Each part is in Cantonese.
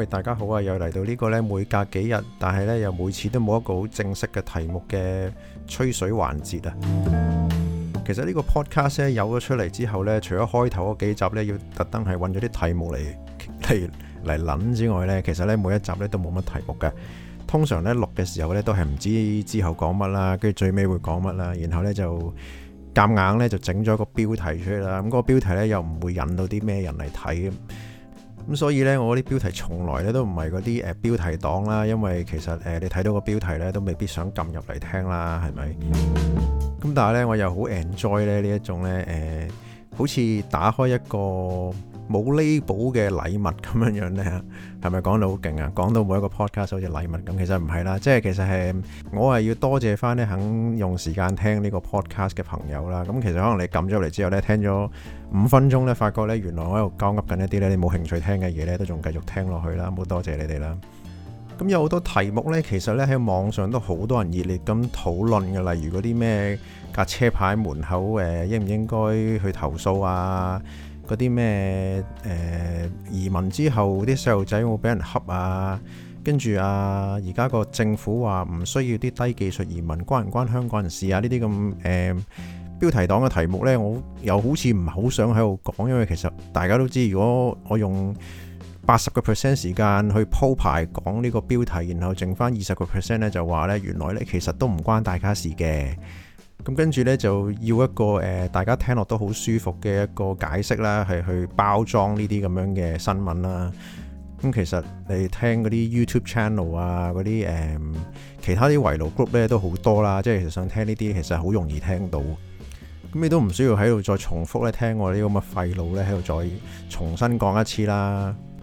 喂，大家好啊！又嚟到呢個呢。每隔幾日，但係呢，又每次都冇一個好正式嘅題目嘅吹水環節啊。其實呢個 podcast 有咗出嚟之後呢，除咗開頭嗰幾集呢，要特登係揾咗啲題目嚟嚟嚟諗之外呢，其實呢，每一集呢都冇乜題目嘅。通常呢，錄嘅時候呢，都係唔知之後講乜啦，跟住最尾會講乜啦，然後呢，就夾硬呢，就整咗個標題出嚟啦。咁嗰個標題呢又唔會引到啲咩人嚟睇。咁所以呢，我啲標題從來咧都唔係嗰啲誒標題黨啦，因為其實誒、呃、你睇到個標題呢都未必想撳入嚟聽啦，係咪？咁但係呢，我又好 enjoy 咧呢一種呢，誒、呃，好似打開一個冇 label 嘅禮物咁樣樣咧，係咪講到好勁啊？講到每一個 podcast 好似禮物咁，其實唔係啦，即係其實係我係要多謝翻咧肯用時間聽呢個 podcast 嘅朋友啦。咁其實可能你撳咗嚟之後咧，聽咗五分鐘咧，發覺咧原來我喺度交噏緊一啲咧你冇興趣聽嘅嘢咧，都仲繼續聽落去啦。好多謝你哋啦。咁有好多題目咧，其實咧喺網上都好多人熱烈咁討論嘅，例如嗰啲咩架車牌門口誒，應唔應該去投訴啊？嗰啲咩誒移民之後啲細路仔會俾人恰啊，跟住啊，而家個政府話唔需要啲低技術移民，關唔關香港人事啊？呢啲咁誒標題黨嘅題目呢，我又好似唔係好想喺度講，因為其實大家都知，如果我用八十個 percent 時間去鋪排講呢個標題，然後剩翻二十個 percent 咧就話呢，原來呢，其實都唔關大家事嘅。咁跟住咧就要一個誒，大家聽落都好舒服嘅一個解釋啦，係去包裝呢啲咁樣嘅新聞啦。咁其實你聽嗰啲 YouTube channel 啊，嗰啲誒其他啲圍爐 group 咧都好多啦。即係其實想聽呢啲，其實好容易聽到。咁你都唔需要喺度再重複咧，聽我呢啲咁嘅廢路咧，喺度再重新講一次啦。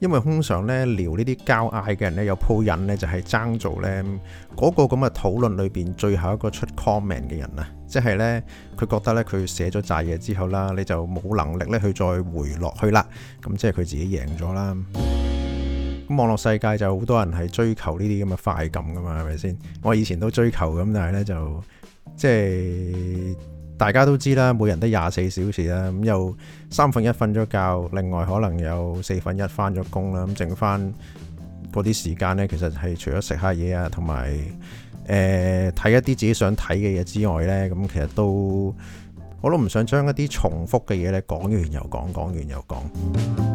因為通常咧聊這些的呢啲交嗌嘅人咧有鋪癮咧就係、是、爭做咧嗰、那個咁嘅討論裏邊最後一個出 comment 嘅人啊，即係咧佢覺得咧佢寫咗扎嘢之後啦，你就冇能力咧去再回落去啦，咁即係佢自己贏咗啦。咁 網絡世界就好多人係追求呢啲咁嘅快感㗎嘛，係咪先？我以前都追求咁，但係咧就即係。大家都知啦，每人都廿四小時啦，咁又三分一瞓咗覺，另外可能有四分一返咗工啦，咁剩翻嗰啲時間呢，其實係除咗食下嘢啊，同埋誒睇一啲自己想睇嘅嘢之外呢，咁其實都我都唔想將一啲重複嘅嘢呢講完又講，講完又講。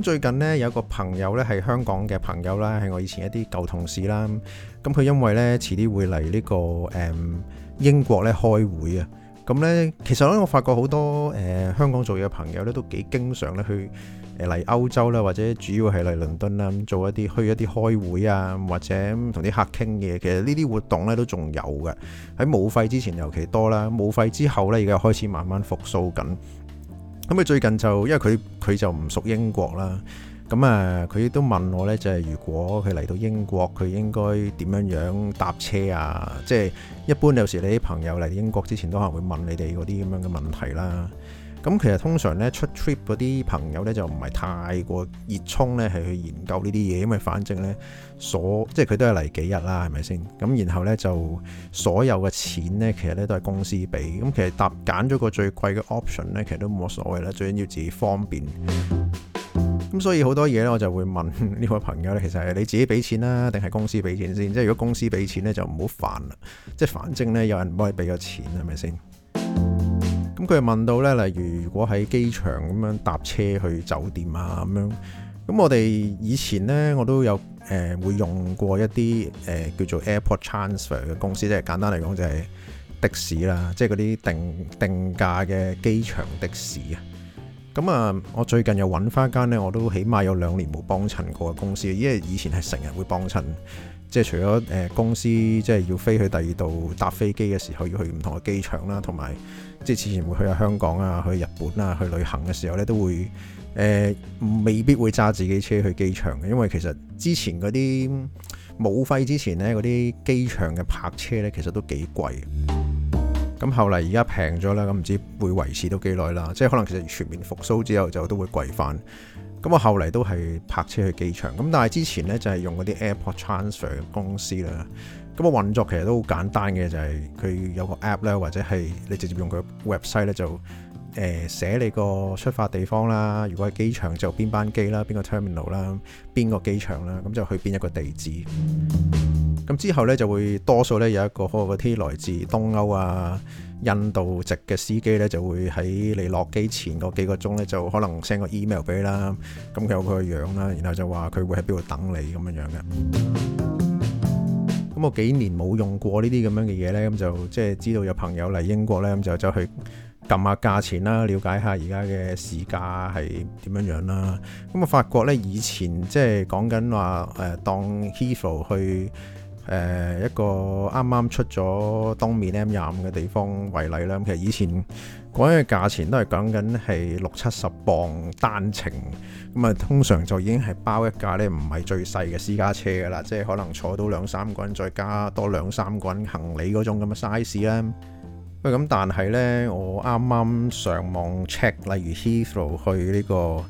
最近呢有一個朋友呢，係香港嘅朋友啦，係我以前一啲舊同事啦。咁佢因為呢遲啲會嚟呢個誒英國呢開會啊。咁呢其實呢我發覺好多誒香港做嘢嘅朋友呢都幾經常呢去誒嚟歐洲啦，或者主要係嚟倫敦啦，做一啲去一啲開會啊，或者同啲客傾嘢。其實呢啲活動呢都仲有嘅，喺冇費之前尤其多啦，冇費之後呢而家開始慢慢復蘇緊。咁佢最近就，因為佢佢就唔熟英國啦，咁啊佢都問我呢，就係如果佢嚟到英國，佢應該點樣樣搭車啊？即係一般有時你啲朋友嚟英國之前都可能會問你哋嗰啲咁樣嘅問題啦。咁其實通常咧出 trip 嗰啲朋友咧就唔係太過熱衷咧係去研究呢啲嘢，因為反正咧所即係佢都係嚟幾日啦，係咪先？咁然後咧就所有嘅錢咧，其實咧都係公司俾。咁其實搭揀咗個最貴嘅 option 咧，其實都冇乜所謂啦。最緊要自己方便。咁所以好多嘢咧，我就會問呢位朋友咧，其實係你自己俾錢啦，定係公司俾錢先？即係如果公司俾錢咧，就唔好煩啦。即係反正咧，有人幫你俾咗錢，係咪先？咁佢問到咧，例如如果喺機場咁樣搭車去酒店啊咁樣，咁我哋以前咧我都有誒、呃、會用過一啲誒、呃、叫做 Airport Transfer 嘅公司，即係簡單嚟講就係的士啦，即係嗰啲定定價嘅機場的士啊。咁啊，我最近又揾翻間咧，我都起碼有兩年冇幫襯過嘅公司，因為以前係成日會幫襯。即係除咗誒、呃、公司，即係要飛去第二度搭飛機嘅時候，要去唔同嘅機場啦，同埋即係之前會去下香港啊、去日本啊、去旅行嘅時候咧，都會誒、呃、未必會揸自己車去機場嘅，因為其實之前嗰啲冇費之前呢，嗰啲機場嘅泊車呢，其實都幾貴。咁後嚟而家平咗啦，咁唔知會維持到幾耐啦？即係可能其實全面復甦之後就都會貴翻。咁我後嚟都係泊車去機場，咁但係之前呢，就係用嗰啲 Airport Transfer 公司啦，咁個運作其實都好簡單嘅，就係、是、佢有個 app 咧，或者係你直接用佢 website 咧就誒寫你個出發的地方啦，如果喺機場就邊班機啦，邊個 terminal 啦，邊個機場啦，咁就去邊一個地址。咁之後咧就會多數咧有一個可能嗰啲來自東歐啊、印度籍嘅司機咧就會喺你落機前嗰幾個鐘咧就可能 send 個 email 俾啦，咁佢有佢嘅樣啦，然後就話佢會喺邊度等你咁樣樣嘅。咁我幾年冇用過呢啲咁樣嘅嘢咧，咁就即係知道有朋友嚟英國咧，咁就走去撳下價錢啦，了解下而家嘅市價係點樣樣啦。咁啊，法國咧以前即係講緊話誒，當 heifer 去。誒，一個啱啱出咗當面 M 廿五嘅地方為例啦，咁其實以前講嘅價錢都係講緊係六七十磅單程，咁啊通常就已經係包一架呢，唔係最細嘅私家車噶啦，即係可能坐到兩三個人，再加多兩三個人行李嗰種咁嘅 size 啦。喂，咁但係呢，我啱啱上網 check，例如 Heathrow 去呢個。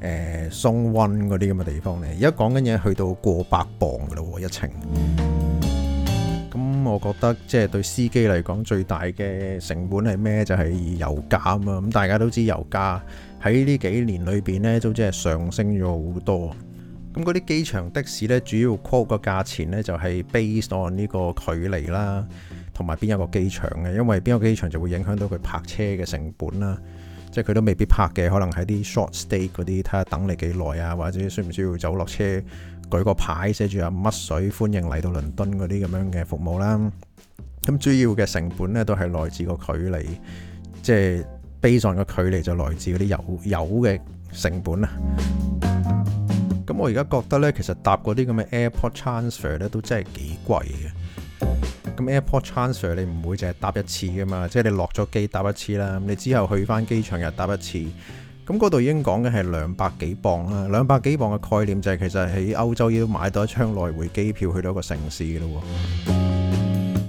誒、呃、松温嗰啲咁嘅地方咧，而家講緊嘢去到過百磅噶咯喎，一程。咁我覺得即係對司機嚟講最大嘅成本係咩？就係、是、油價啊嘛。咁大家都知道油價喺呢幾年裏邊呢，都即係上升咗好多。咁嗰啲機場的士呢，主要 quote 嘅價錢咧就係、是、based on 呢個距離啦，同埋邊一個機場嘅，因為邊個機場就會影響到佢泊車嘅成本啦。即係佢都未必拍嘅，可能喺啲 short stay 嗰啲，睇下等你幾耐啊，或者需唔需要走落車，舉個牌寫住啊乜水歡迎嚟到倫敦嗰啲咁樣嘅服務啦。咁主要嘅成本呢，都係來自個距離，即係悲壯嘅距離就來自嗰啲油油嘅成本啦。咁我而家覺得呢，其實搭嗰啲咁嘅 airport transfer 呢，都真係幾貴嘅。airport transfer 你唔會淨係搭一次噶嘛？即係你落咗機搭一次啦，你之後去返機場又搭一次。咁嗰度已經講緊係兩百幾磅啦，兩百幾磅嘅概念就係其實喺歐洲要買到一張來回機票去到一個城市嘅咯喎。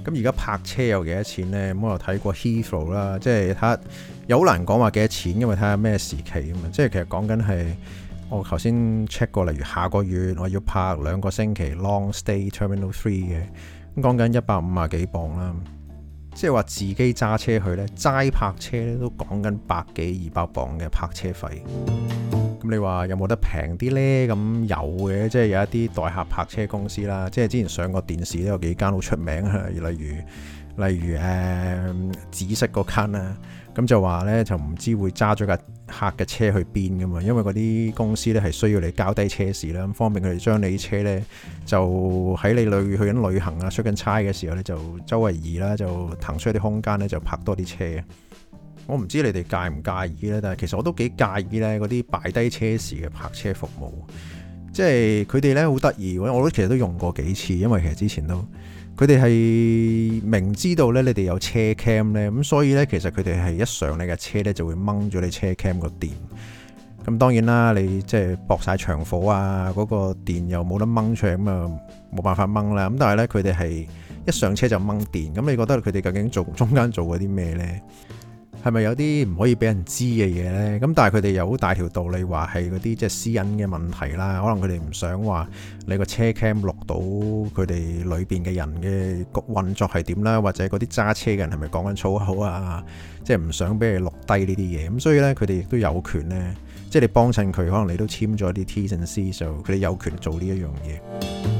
咁而家泊車又幾多錢呢？咁我又睇過 Heathrow 啦，即係睇下有好難講話幾多錢，因為睇下咩時期啊嘛。即係其實講緊係我頭先 check 過，例如下個月我要泊兩個星期 long stay terminal three 嘅。講緊一百五十幾磅啦，即係話自己揸車去咧，齋泊車咧都講緊百幾二百磅嘅泊車費。咁你話有冇得平啲呢？咁有嘅，即係有一啲代客泊車公司啦，即係之前上過電視都有幾間好出名啊，例如。例如誒、呃、紫色嗰卡啦，咁就話咧就唔知會揸咗架客嘅車去邊㗎嘛。因為嗰啲公司咧係需要你交低車匙啦，咁方便佢哋將你啲車咧就喺你旅去緊旅行啊、出緊差嘅時候咧，就周圍移啦，就騰出一啲空間咧，就泊多啲車。我唔知你哋介唔介意咧，但係其實我都幾介意咧嗰啲擺低車匙嘅泊車服務，即係佢哋咧好得意，我我都其實都用過幾次，因為其實之前都。佢哋係明知道咧，你哋有車 cam 咧，咁所以咧，其實佢哋係一上你架車咧，就會掹咗你車 cam 個電。咁當然啦，你即係搏晒長火啊，嗰個電又冇得掹出，咁啊冇辦法掹啦。咁但係咧，佢哋係一上車就掹電。咁你覺得佢哋究竟做中間做過啲咩咧？係咪有啲唔可以俾人知嘅嘢呢？咁但係佢哋有好大條道理話係嗰啲即係私隱嘅問題啦。可能佢哋唔想話你個車 cam 錄到佢哋裏邊嘅人嘅運作係點啦，或者嗰啲揸車嘅人係咪講緊粗口啊？即係唔想俾你錄低呢啲嘢。咁所以呢，佢哋亦都有權呢。即係你幫襯佢，可能你都簽咗啲 T and C 就佢哋有權做呢一樣嘢。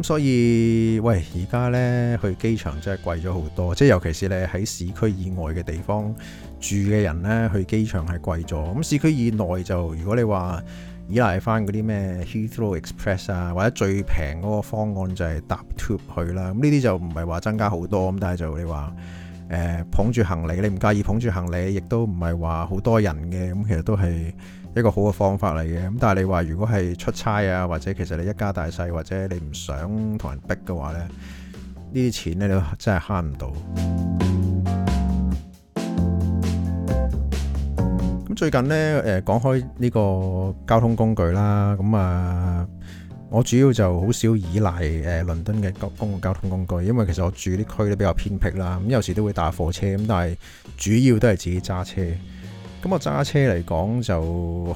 咁所以，喂，而家呢去機場真係貴咗好多，即係尤其是你喺市區以外嘅地方住嘅人呢，去機場係貴咗。咁市區以內就，如果你話依賴翻嗰啲咩 Heathrow Express 啊，或者最平嗰個方案就係搭 Tube 去啦。咁呢啲就唔係話增加好多，咁但係就你話誒、呃、捧住行李，你唔介意捧住行李，亦都唔係話好多人嘅，咁其實都係。一個好嘅方法嚟嘅，咁但係你話如果係出差啊，或者其實你一家大細，或者你唔想同人逼嘅話咧，呢呢啲錢咧你都真係慳唔到。咁 最近呢，誒講開呢個交通工具啦，咁啊，我主要就好少依賴誒倫敦嘅公共交通工具，因為其實我住啲區都比較偏僻啦，咁有時都會搭火車，咁但係主要都係自己揸車。咁我揸車嚟講就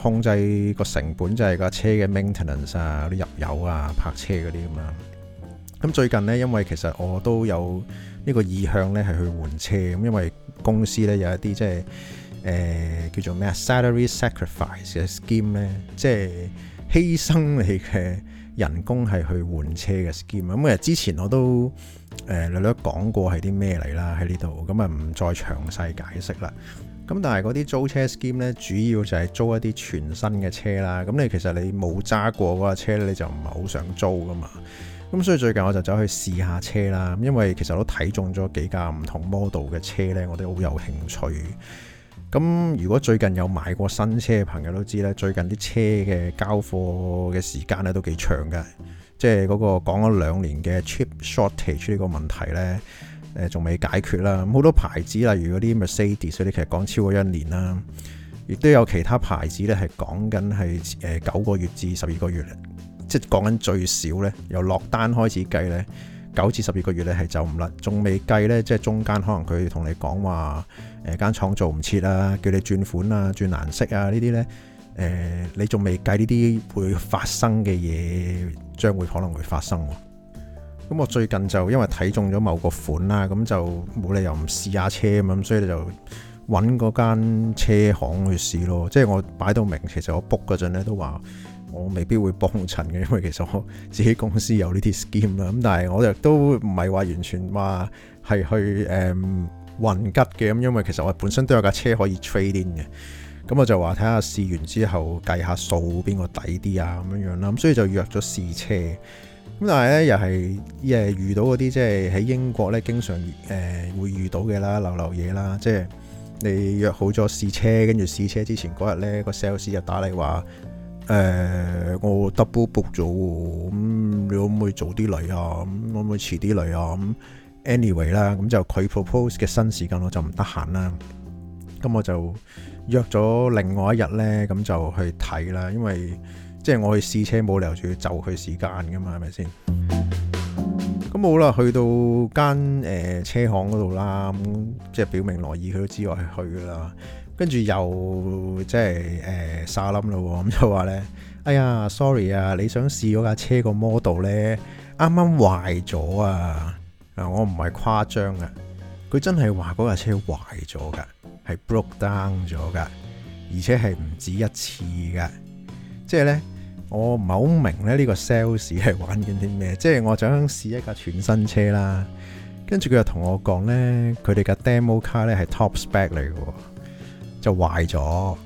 控制個成本，就係架車嘅 maintenance 啊，嗰啲入油啊、泊車嗰啲咁樣。咁最近呢，因為其實我都有呢個意向呢，係去換車咁。因為公司呢有一啲即係誒叫做咩啊，salary sacrifice 嘅 scheme 呢，即係犧牲你嘅人工係去換車嘅 scheme。咁啊，之前我都誒略略講過係啲咩嚟啦喺呢度，咁啊唔再詳細解釋啦。咁但係嗰啲租車 scheme 咧，主要就係租一啲全新嘅車啦。咁你其實你冇揸過嗰架車咧，你就唔係好想租㗎嘛。咁所以最近我就走去試下車啦。因為其實都睇中咗幾架唔同 model 嘅車咧，我都好有興趣。咁如果最近有買過新車嘅朋友都知咧，最近啲車嘅交貨嘅時間咧都幾長㗎。即係嗰個講咗兩年嘅 chip shortage 呢個問題咧。誒仲未解決啦，咁好多牌子，例如嗰啲 Mercedes，你其實講超過一年啦，亦都有其他牌子咧係講緊係誒九個月至十二個月，即係講緊最少咧，由落單開始計咧，九至十二個月咧係走唔甩，仲未計咧，即係中間可能佢同你講話誒間廠做唔切啊，叫你轉款啊、轉顏色啊呢啲咧，誒、呃、你仲未計呢啲會發生嘅嘢，將會可能會發生。咁我最近就因為睇中咗某個款啦，咁就冇理由唔試下車咁，所以就揾嗰間車行去試咯。即係我擺到明，其實我 book 嗰陣咧都話我未必會幫襯嘅，因為其實我自己公司有呢啲 scheme 啦。咁但係我亦都唔係話完全話係去誒運、嗯、吉嘅，咁因為其實我本身都有架車可以 trade in 嘅。咁我就話睇下試完之後計下數邊個抵啲啊咁樣樣啦。咁所以就約咗試車。咁但係咧，又係誒遇到嗰啲即係喺英國咧，經常誒、呃、會遇到嘅啦，流流嘢啦，即係你約好咗試車，跟住試車之前嗰日咧， 個 sales 就打你話誒、呃，我 double book 咗，咁你可唔可以早啲嚟啊？咁可唔可以遲啲嚟啊？咁 anyway 啦，咁就佢 propose 嘅新時間我就唔得閒啦，咁我就約咗另外一日咧，咁就去睇啦，因為。即係我去試車冇理由，仲要就佢時間噶嘛，係咪先？咁好啦，去到間誒、呃、車行嗰度啦，咁即係表明來意佢都知我係去噶啦。跟住又即係誒、呃、沙冧啦，咁就話咧，哎呀，sorry 啊，你想試嗰架車個 model 咧，啱啱壞咗啊！嗱，我唔係誇張啊，佢真係話嗰架車壞咗㗎，係 broke down 咗㗎，而且係唔止一次㗎，即係咧。我唔係好明呢，呢個 sales 係玩緊啲咩，即係我想試一架全新車啦，跟住佢又同我講呢，佢哋嘅 demo car 呢係 top spec 嚟嘅，就壞咗。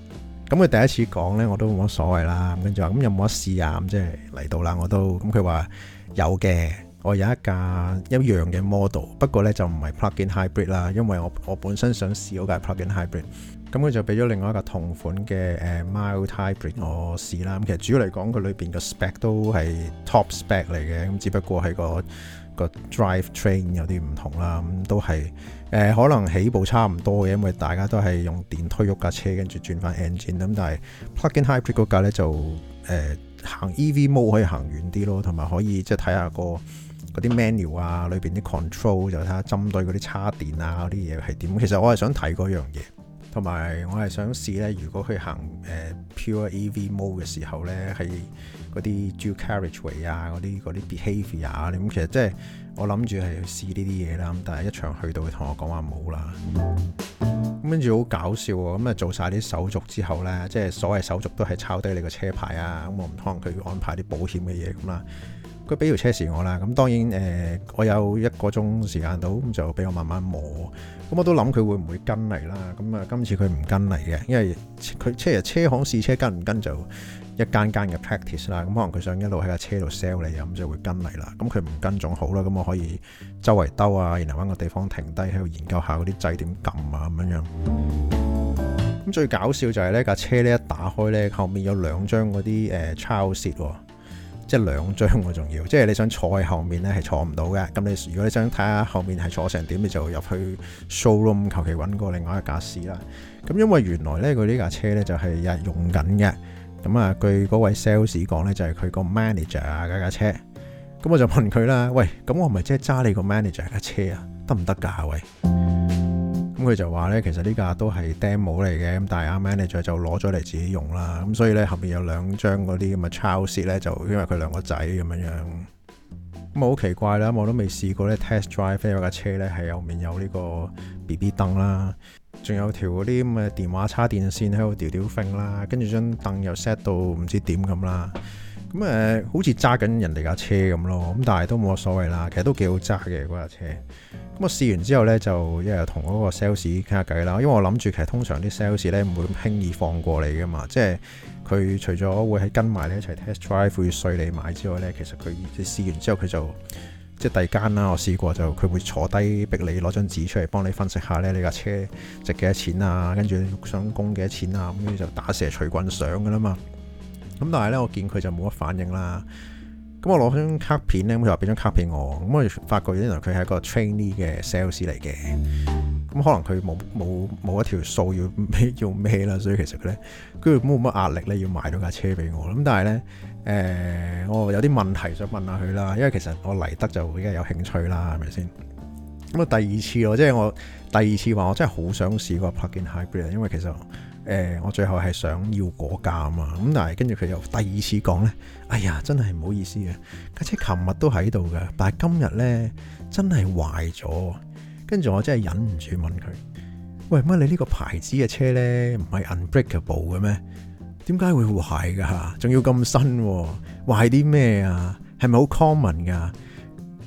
咁佢第一次講呢，我都冇乜所謂啦。咁跟住話，咁有冇得試啊？咁即係嚟到啦，我都，咁佢話有嘅，我有一架一樣嘅 model，不過呢就唔係 plug-in hybrid 啦，因為我我本身想試架 plug-in hybrid。咁佢就俾咗另外一個同款嘅 Mild Hybrid 我試啦。咁其實主要嚟講，佢裏面個 spec 都係 top spec 嚟嘅，咁只不過係個，個 drive train 有啲唔同啦。咁都係、呃、可能起步差唔多嘅，因為大家都係用電推喐架車，跟住轉翻 engine。咁但係 plug-in hybrid 嗰架咧就行 EV mode 可以行遠啲咯，同埋可以即係睇下個嗰啲 menu 啊裏邊啲 control 就睇下針對嗰啲叉電啊嗰啲嘢係點。其實我係想睇嗰樣嘢。同埋我係想試呢，如果佢行誒、呃、pure EV mode 嘅時候呢，喺嗰啲 dual carriageway 啊，嗰啲嗰啲 behaviour 啊，咁其實即係我諗住係試呢啲嘢啦。咁但係一場去到，佢同我講話冇啦。咁跟住好搞笑喎！咁、嗯、啊做晒啲手續之後呢，即係所謂手續都係抄低你個車牌啊。咁、嗯、我唔可能佢安排啲保險嘅嘢咁啦。嗯佢俾條車匙我啦，咁當然誒、呃，我有一個鐘時間到，咁就俾我慢慢磨。咁我都諗佢會唔會跟嚟啦？咁啊，今次佢唔跟嚟嘅，因為佢車啊，車行試車跟唔跟就一間間嘅 practice 啦。咁可能佢想一路喺架車度 sell 你咁，就會跟嚟啦。咁佢唔跟仲好啦，咁我可以周圍兜啊，然後揾個地方停低喺度研究下嗰啲掣點撳啊咁樣樣。咁最搞笑就係呢架車呢，一打開呢，後面有兩張嗰啲誒 child seat 喎。呃即係兩張我仲要，即係你想坐喺後面咧係坐唔到嘅。咁你如果你想睇下後面係坐成點，你就入去 showroom 求其揾個另外一架試啦。咁因為原來咧佢呢這架車咧就係、是、日用緊嘅。咁啊，據嗰位 sales 講咧就係、是、佢個 manager 啊，架車。咁我就問佢啦：，喂，咁我係咪即係揸你個 manager 架車行不行的啊？得唔得㗎？喂！咁佢就話呢，其實呢架都係 demo 嚟嘅，咁但係阿 manager 就攞咗嚟自己用啦。咁所以呢，後面有兩張嗰啲咁嘅 child seat 呢，就因為佢兩個仔咁樣樣，咁好奇怪啦！我都未試過呢。test drive 呢架車呢，喺後面有呢個 BB 凳啦，仲有一條嗰啲咁嘅電話叉電線喺度調調揈啦，跟住張凳又 set 到唔知點咁啦。咁誒、嗯，好似揸緊人哋架車咁咯，咁但係都冇乜所謂啦。其實都幾好揸嘅嗰架車。咁我試完之後呢，就一日同嗰個 sales 傾下偈啦。因為我諗住其實通常啲 sales 咧，唔會咁輕易放過你噶嘛。即係佢除咗會喺跟埋你一齊 test drive 要碎你買之外呢，其實佢你試完之後佢就即係第間啦。我試過就佢會坐低逼你攞張紙出嚟幫你分析一下呢，你架車值幾多錢啊，跟住想供幾多錢啊，咁樣就打蛇隨棍上噶啦嘛。咁但係咧，我見佢就冇乜反應啦。咁我攞張卡片咧，咁就俾張卡片我。咁我發覺原來佢係一個 trainee 嘅 sales 嚟嘅。咁可能佢冇冇冇一條數要咩要咩啦，所以其實佢咧，跟住冇乜壓力咧，要賣到架車俾我。咁但係咧，誒、呃，我有啲問題想問下佢啦。因為其實我嚟得就比較有興趣啦，係咪先？咁啊，第二次我即係我第二次話，我真係好想試個 plug-in hybrid，因為其實。誒、欸，我最後係想要嗰架啊嘛，咁但係跟住佢又第二次講呢：「哎呀，真係唔好意思啊，架車琴日都喺度㗎，但係今日呢，真係壞咗。跟住我真係忍唔住問佢，喂，乜你呢個牌子嘅車呢？唔係 unbreakable 嘅咩？點解會壞㗎？仲要咁新，啊，壞啲咩啊？係咪好 common 㗎？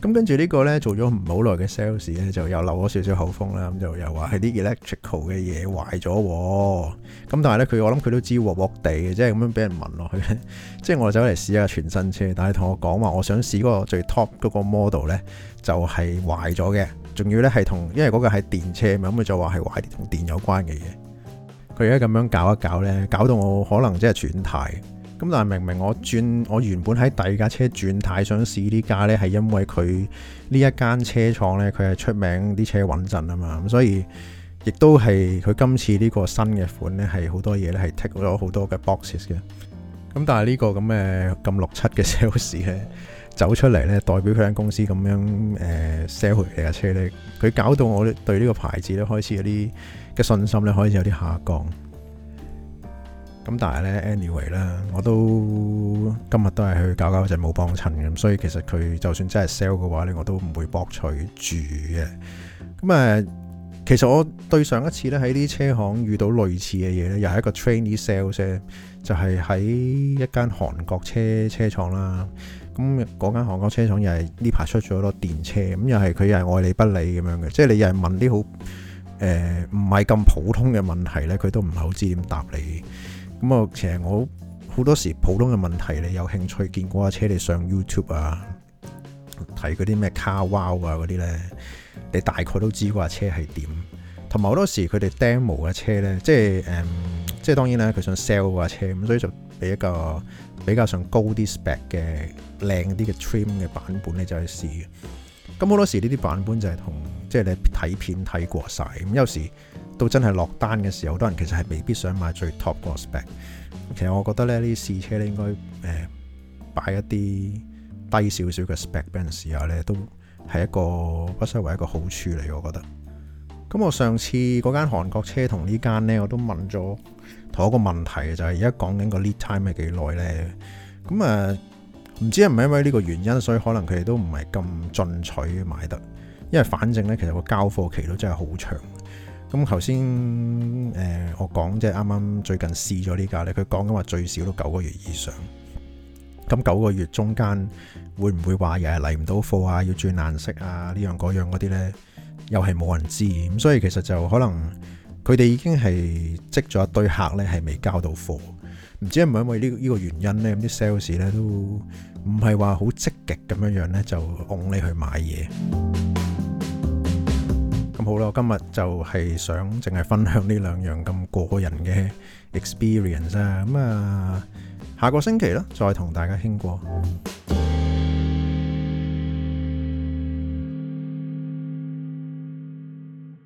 咁跟住呢個呢做咗唔好耐嘅 sales 呢，就又漏咗少少口風啦。咁就又話係啲 electrical 嘅嘢壞咗。咁但係呢，佢我諗佢都知鑊鑊地，嘅，即係咁樣俾人問落去。即係我走嚟試下全新車，但係同我講話，我想試嗰個最 top 嗰個 model 呢，就係壞咗嘅。仲要呢係同，因為嗰個係電車嘛，咁佢就話係壞同電有關嘅嘢。佢而家咁樣搞一搞呢，搞到我可能真係轉態。咁但係明明我轉，我原本喺第二架車轉軚想試呢架呢，係因為佢呢一間車廠呢，佢係出名啲車的穩陣啊嘛，咁所以亦都係佢今次呢個新嘅款呢，係好多嘢呢，係 tick 咗好多嘅 boxes 嘅。咁但係呢個咁嘅咁六七嘅 sales 呢，走出嚟呢，代表佢間公司咁樣誒 sell 回嚟架車呢，佢搞到我對呢個牌子呢，開始有啲嘅信心呢，開始有啲下降。咁但係咧，anyway 啦，我都今日都係去搞搞仔冇幫襯咁，所以其實佢就算真係 sell 嘅話咧，我都唔會博取住嘅。咁誒，其實我對上一次咧喺啲車行遇到類似嘅嘢咧，又係一個 trainee sales 啫，就係喺一間韓國車車廠啦。咁嗰間韓國車廠又係呢排出咗好多電車，咁又係佢又係愛理不理咁樣嘅，即係你又係問啲好誒唔係咁普通嘅問題咧，佢都唔係好知點答你。咁啊，其實我好多時普通嘅問題，你有興趣見過嗰架車，你上 YouTube 啊，睇嗰啲咩 Car Wow 啊嗰啲咧，你大概都知嗰架車係點。同埋好多時佢哋 demo 嘅車咧，即係誒、嗯，即係當然啦，佢想 sell 架車，咁所以就俾一個比較上高啲 spec 嘅靚啲嘅 trim 嘅版本咧，就去試。咁好多時呢啲版本就係同即係你睇片睇過晒，咁有時。到真係落單嘅時候，好多人其實係未必想買最 top 嘅 spec。其實我覺得咧，呢啲試呃、啲試呢試車咧，應該誒擺一啲低少少嘅 spec 俾人試下咧，都係一個不失為一個好處嚟。我覺得。咁我上次嗰間韓國車同呢間咧，我都問咗同一個問題，就係而家講緊個 lead time 係幾耐咧？咁啊，唔、呃、知係唔係因為呢個原因，所以可能佢哋都唔係咁進取買得，因為反正咧，其實個交貨期都真係好長。咁頭先誒我講即係啱啱最近試咗呢架咧，佢講咁話最少都九個月以上。咁九個月中間會唔會話日日嚟唔到貨啊？要轉顏色啊？樣樣呢樣嗰樣嗰啲咧，又係冇人知。咁所以其實就可能佢哋已經係積咗一堆客咧，係未交到貨。唔知係咪因為呢呢個原因咧，啲 sales 咧都唔係話好積極咁樣樣咧，就拱你去買嘢。好啦，今日就係想淨係分享呢兩樣咁個人嘅 experience 啊，咁啊下個星期咧再同大家傾過。